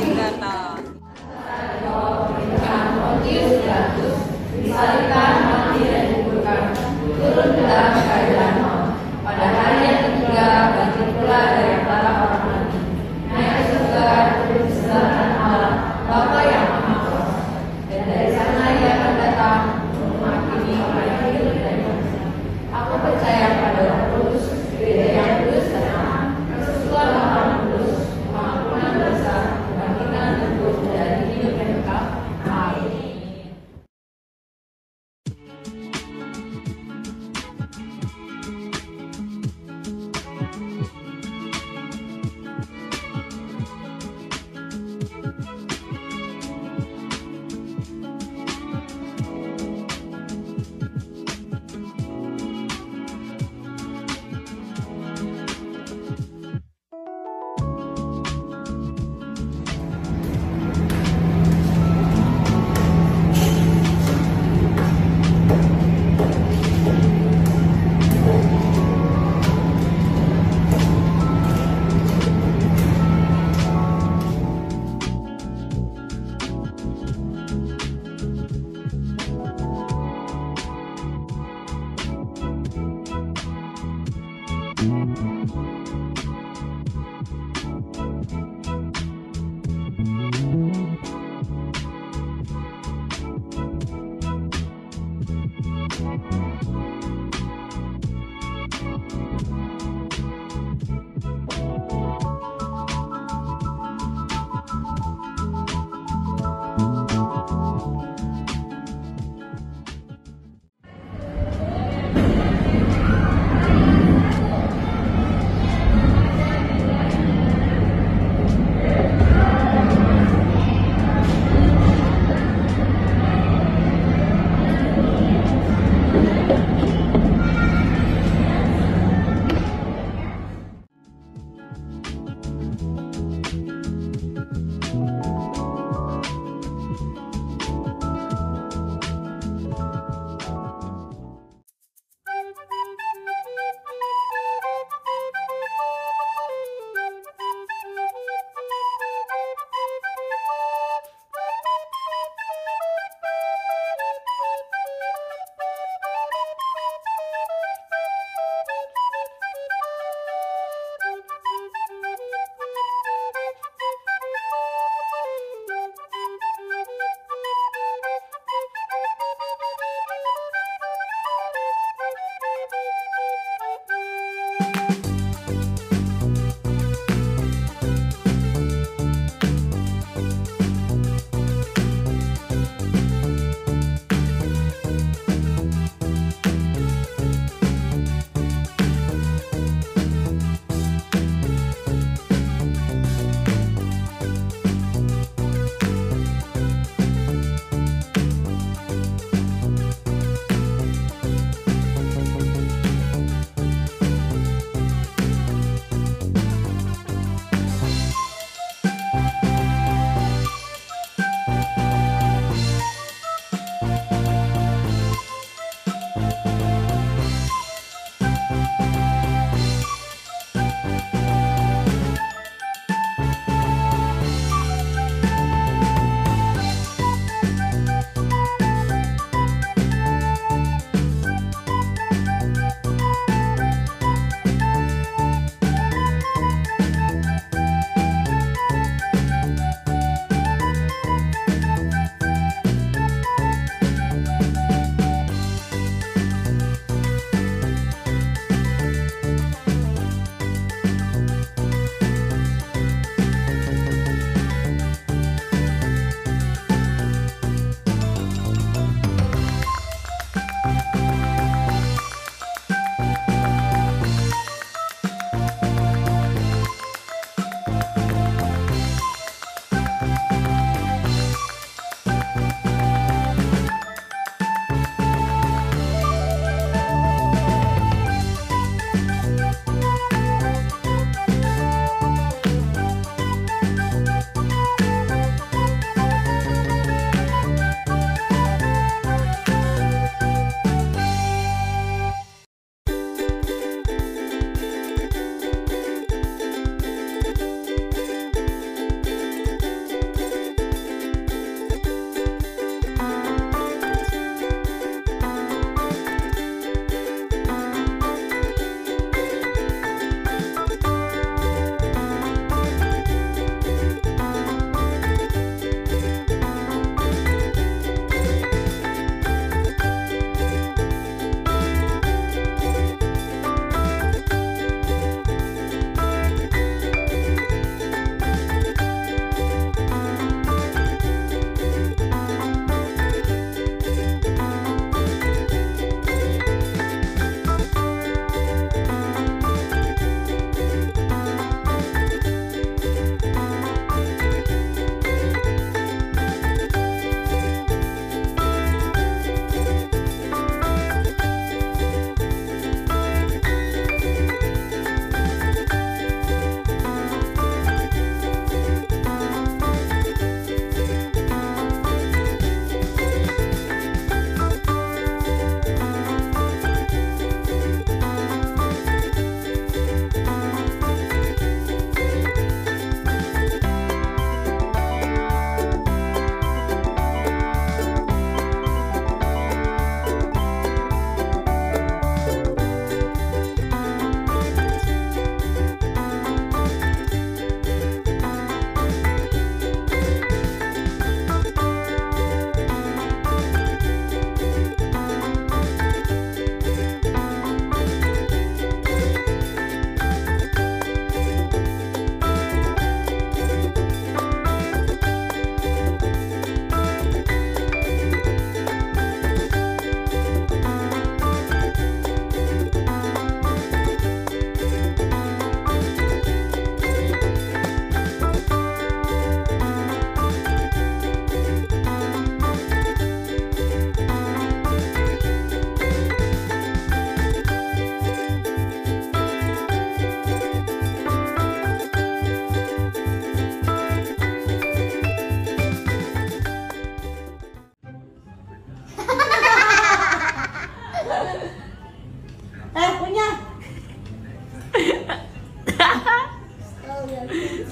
你看呐。フフフフ。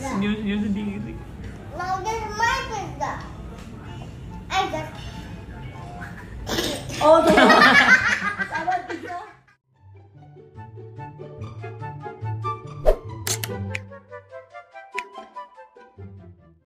Snooze, snooze sendiri. Oh,